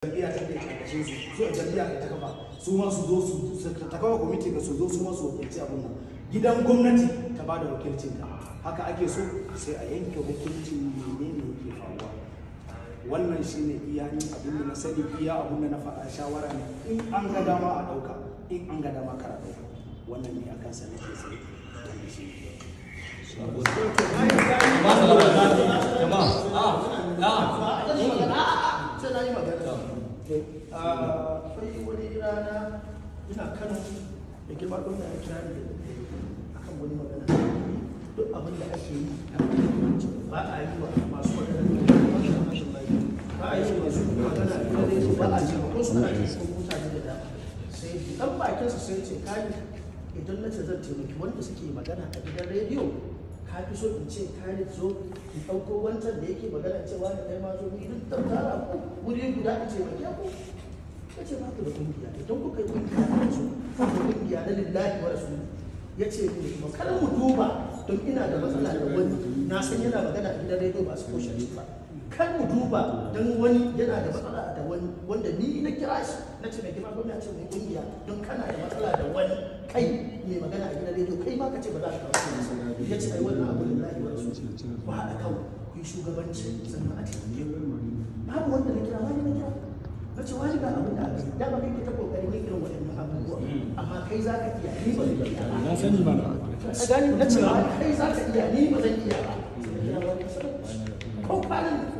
jam'iyya ta ke su a ta kafa su ma su zo su ta kafa kwamiti ga su zo su wakilci gidan gwamnati ta ba da wakilcin ka haka ake so sai a yanke wakilcin menene ke faruwa wannan shine iya ni abin da na sani iya abin da na faɗa shawara ne in an ga dama a ɗauka in an ga dama kara ɗauka wannan ne akan sa nake sai wannan shi ne. sai na yi magana a ah, fai wani rana ina kano da girma ɗauna ya kira ne a kan wani magana duk abin da ake yi a ba a yi wa masu magana da rashin lafiya ba a yi masu magana da kare ba a yi ko su kare ko mutane da dama sai dan bakinsa sai ce kai idan na ce zan taimaki wanda suke magana a gidan rediyo ka fi so in ce ka ni zo in ɗauko wancan da yake magana cewa da kai ma zo ni duk da tara ku wuri guda ka ce ba ke ku ka ce ba ku da kungiya don ku kai kungiya da su ku kungiya na lillahi wa rasu ya ce ni kuma kar mu duba don ina da matsala da wani na san yana magana a gidan rediyo ba su koshe ba kar mu duba don wani yana da matsala da wani wanda ni na kira shi na ce mai girma gwamnati ce mai kungiya don kana da matsala da wani kai mai magana a gidan rediyo kai ma ka ce ba za ka kawo su ya ce ai wannan abu da lahi wa rasul ku a kawo ku yi shugabanci sannan a Ba babu wanda na kira ni na kira na ce wani ga abin da aka dama kai ke ta kokari ne irin waɗannan abubuwa amma kai za ka iya ni ba zan iya ba na sani ba na na ce kai za ka iya ni ba zan iya ba ko kwanan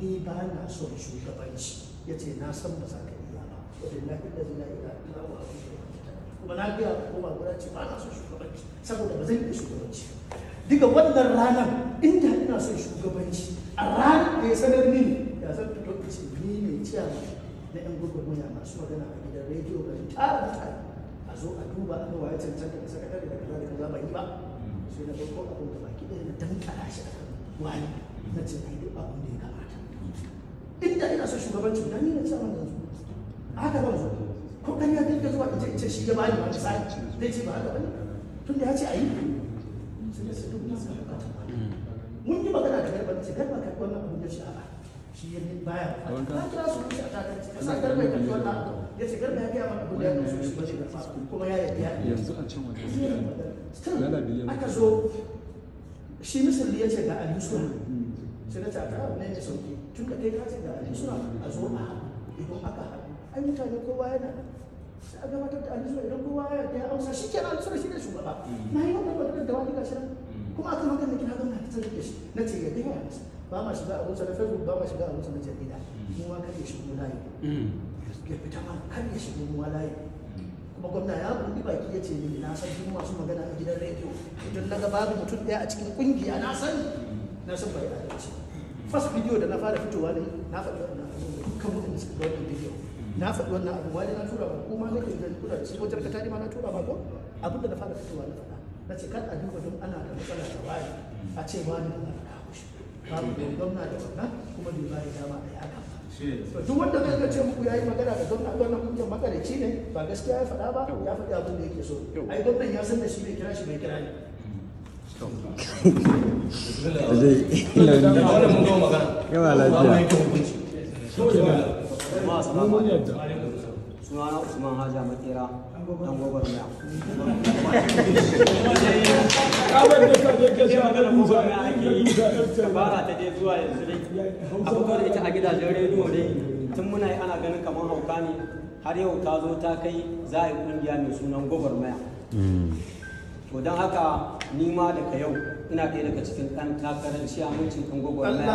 ni ba na son shugabanci ya ce na san ba za ka iya ba wadda na fi ɗari na ina ina wa abin da ya kuma na biya ko ba guda ce ba na son shugabanci saboda ba zan iya shugabanci Diga wannan ranar inda ina son shugabanci a ranar da ya sanar mini ya zan fito in ce ni ne ciyarwa na yan gwagwarmaya masu magana a gidan rediyo ga ta mutane a zo a duba a ga ya cancanta da sakatare da kaza da kaza ba yi ba sai na farko abin da baki ɗaya na dankara shi a kan wani na ce ai duk abin da ya kamata inda ina so shugabanci na ne sama da su haka ba zo ko kan ya dinga zuwa ita ce shi ya bani wani sai zai ce ba haka bane tun da ya ce ayi da su duk hmm. mun yi magana da garba ce garba kai wannan abin da shi shi ya baya ka kira su wuce a takar ci kasa garba ya kai ya ce garba ya biya mana da ya ba shi da kuma ya yi biya yanzu a aka zo shi misali ya ce ga sai na a ne sauki tun da kai ka ce ga ali suna a zo a idan aka haɗu ai mutane kowa yana sai a gabatar da ali suna idan kowa ya amsa shi ali suna shi ne shugaba mm. na yi wannan da wani gashi mm. kuma da gwamna fitar da shi na ce ya ba ma shiga na facebook ba ma shiga na jarida mm. kar ya shigo layi ya fita ma kar ya shigo layi kuma gwamna ya buɗi baki ya ce ni na san duk masu magana a gidan rediyo idan na ga babu mutum ɗaya a cikin ƙungiya na sani na san bai ce first video da na fara fitowa ne na faɗi wannan abu kan mutane su ga wannan video na faɗi wannan abu wani na tura ba ko ma nake da tura shi wajen ka tare ma na tura ba ko abin da na fara fitowa na faɗa na ce kan a duba don ana da matsala da wani a ce wani da na kawo shi babu da gwamna da wannan kuma bai ba da dama a yi haka duk wanda zai ga ce muku ya yi magana da gwamna gwamna kuke makarici ne ba gaskiya ya faɗa ba ya faɗi abin da yake so ai gwamnan ya san da shi bai kira shi bai kira ne zai yawa lafiya sunana usman haja makera dan gobar miya ta zuwa yanzu ita a gidajen rediyo dai tun muna yi ana ganin kamar hauka ne har yau ta zo ta kai za a yi kungiya mai sunan gobar maya to don haka ni ma daga yau ina ɗaya daga cikin ɗan takarar ciyamancin kan gwagwarmaya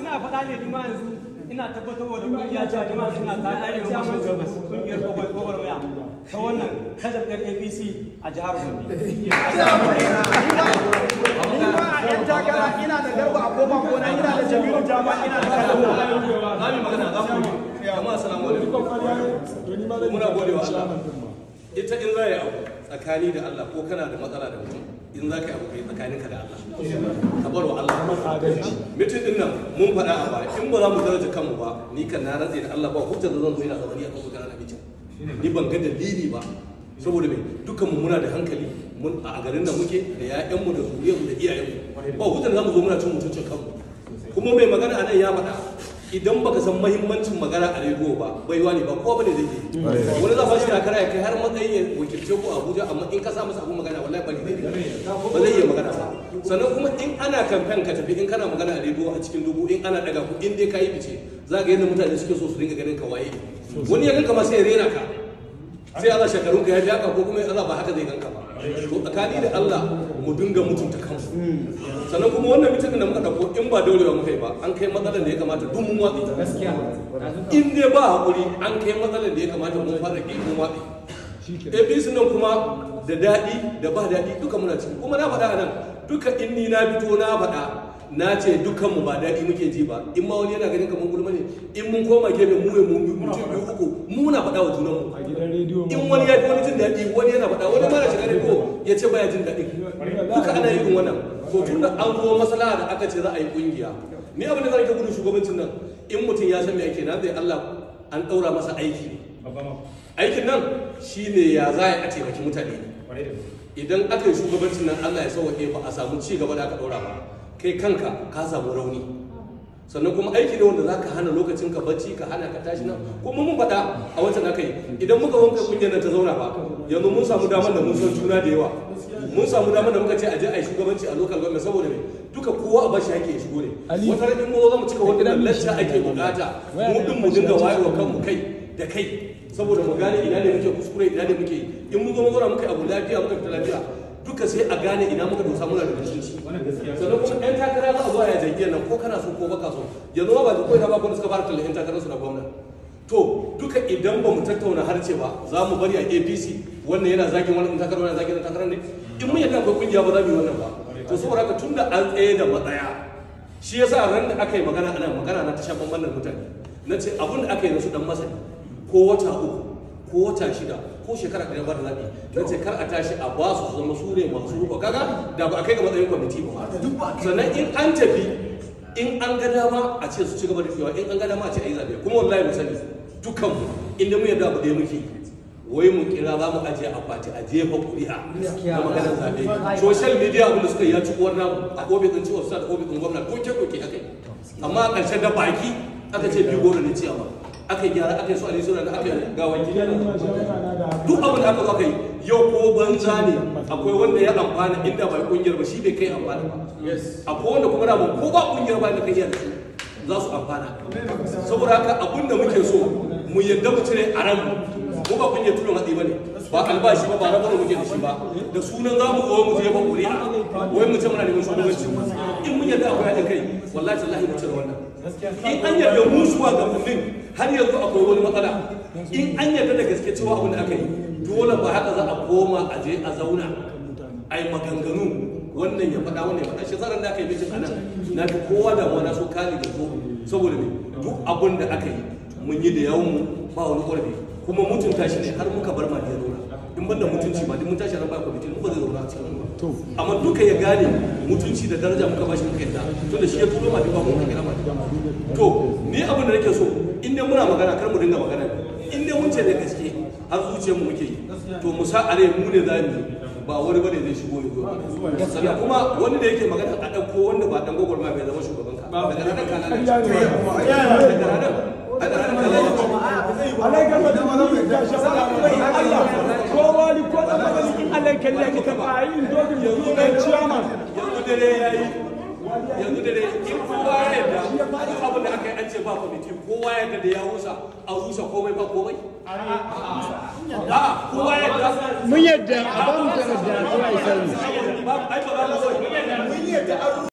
ina faɗa ne nima yanzu ina tabbatarwa da kungiya ta nima suna ta arewa gabas kungiyar gwagwarmaya ta wannan kajar apc a jihar gombe yan takara ina da garba a koma gona ina da jabiru jama ina da kalabo za mu magana za mu jama'a assalamu alaikum muna gode wa Allah ita in za yi abu tsakani da Allah ko kana da matsala da mutum in za ka yi abu kai tsakaninka da Allah ka bar wa Allah mutum din nan mun faɗa a baya in ba za mu daraja kanmu ba ni kan na rantse da Allah ba hujjar da zan zo ina tsakani a kan mutanen abinci ni ban ga dalili ba saboda me dukkan mu muna da hankali a garin da muke da ƴaƴanmu da zuriyarmu da iyayenmu ba a za mu zo muna cin mutuncin kanmu kuma mai magana a nan ya faɗa idan baka san mahimmancin magana a rediyo ba bai wa ne ba kowa bane zai yi wani za shi takara ya kai har matsayin ya wakilce ko Abuja amma in ka sa masa abun magana wallahi ba zai ba zai iya magana ba sannan kuma in ana kamfen ka tafi in kana magana a rediyo a cikin dubu in ana daga ku in dai ka yi fice za ka yadda mutane suke so su dinga ganin ka waye wani ya ganka ma sai ya rena ka sai Allah shekarun ka ya jaka ko kuma Allah ba haka zai ganka ba to tsakani da Allah mu dinga mutunta kansu sannan kuma wannan mutumin da muka dauko in ba daurewa muka yi ba an kai matsalar da ya kamata duk mun watsi gaskiya in dai ba hakuri an kai matsalar da ya kamata mun fara ki mun watsi APC nan kuma da daɗi da ba daɗi duka muna ciki kuma na faɗa a nan duka in ni na fito na faɗa na ce dukanmu ba daɗi muke ji ba in ma wani yana ganin kamar gulma ne in mun koma gefe mu ya mu mutum biyu uku mu na faɗa wa mu in wani ya fi wani jin daɗi wani yana faɗa wani mara shiga ko ya ce baya jin daɗi duka ana irin wannan to tun da an zo maslaha da aka ce za a yi ƙungiya ni abin da zan ke gudun shugabancin nan in mutum ya san me ake na zai Allah an ɗaura masa aiki aikin nan shine ya za a taimaki mutane idan aka yi shugabancin nan Allah ya sauwaƙe ba a samu ci gaba da aka ɗaura ba kai kanka ka samu rauni sannan kuma aiki ne wanda za ka hana lokacin ka bacci ka hana ka tashi nan kuma mun faɗa a wancan aka yi idan muka wanka kungiyar nan ta zauna ba yanzu mun samu damar da mun san juna da yawa mun samu damar da muka ce a je a yi shugabanci a local government saboda me duka kowa a bashi yake shigo ne wata rabin mu za mu cika wannan lacca ake bukata mu din mu dinga wayewa kanmu kai da kai saboda mu gane ina ne muke kuskure ina ne muke in mun zo mu zo muka abu lafiya muka fita lafiya duka sai a gane ina muka dosa muna da mutunci sannan kuma ɗan takara za a zuwa ya zage nan ko kana so ko baka so yanzu ba ko ina ba gwamnati suka fara tallafin su na gwamna to duka idan ba mu tattauna harce ba za mu bari a apc wannan yana zagin wannan takara wannan zagin takara ne in mun yadda akwai kungiya ba za mu yi wannan ba to saboda haka tun da an tsaye da matsaya shi yasa ran da aka yi magana ana magana na ta shafan wannan mutane na ce abin da aka yi na su dan masani ko wata uku ko wata shida ko shekara da ba da zaɓi don sai kar a tashi a ba su zama su ne masu rufa kaga da ba a kai ga matsayin kwamiti ba sannan in an tafi in an ga dama a ce su ci gaba da kewa in an ga dama a ce a yi zaɓe kuma wallahi mu sani dukkan mu inda mu yarda abu da muke wai mu kira za mu ajiye akwati a jefa kuri'a na maganar zaɓe social media abin da suka yi ya ci kowar namu a kan ciwon sa da kan gwamna ko ke ko ke haka amma a ƙarshen da baki aka ce biyu goro ne ciyawa aka gyara aka yi su alisu da aka ga wajen na duk abin da aka zaka yi yau ko banza ne akwai wanda ya amfana inda bai kungiyar ba shi bai kai amfana ba akwai wanda kuma na ko ba kungiyar ba da kai yadda za su amfana saboda haka abin da muke so mu yadda mu cire a ran ko ba kungiyar tulun hatsi ba ne ba albashi ba ba na bane muke da shi ba da sunan za mu zo mu je ba kuri wai mu ce muna neman shugabanci in mun yadda akwai haɗin kai wallahi tallahi mu cire wannan in an yarda mu ga mumin har yanzu akwai wani matsala in an yarda da gaske cewa abin da aka yi dole ba haka za a koma a je a zauna a yi maganganu wannan ya faɗa wannan ya faɗa shi zaran da aka yi mitin a nan na fi kowa da wani so kali da so saboda ne duk abin da aka yi mun yi da yawon mu ba wani ƙwarfi kuma mutunta shi ne har muka bar mali ya zauna in banda mutunci ba mun tashi ba kwamiti mu ba zai zauna a cikin ba amma duka ya gane mutunci da daraja muka bashi muka yadda to da shi ya turo mali ba mu kira to ni abin da nake so in dai muna magana kar mu dinga magana in dai mun ce da gaske har zuciyar mu muke yi to mu sa are mu ne za mu ba wani bane zai shigo yi zo sannan kuma wani da yake magana a ɗauko wanda ba dan gogor ma bai zama shugaban ka daga ranar kana da ranar alaika madani da shafara mai Allah ko wali ko da madani in alaika ne ki ka ba yin dogin yanzu dai chairman yanzu dare yayi yanzu dare in kowa ya yarda duk abin da aka yi an ce ba kwamiti kowa ya yarda da ya rusa a rusa komai ba komai a kowa ya yarda mun yarda da da ya isa ne ba ai ba mun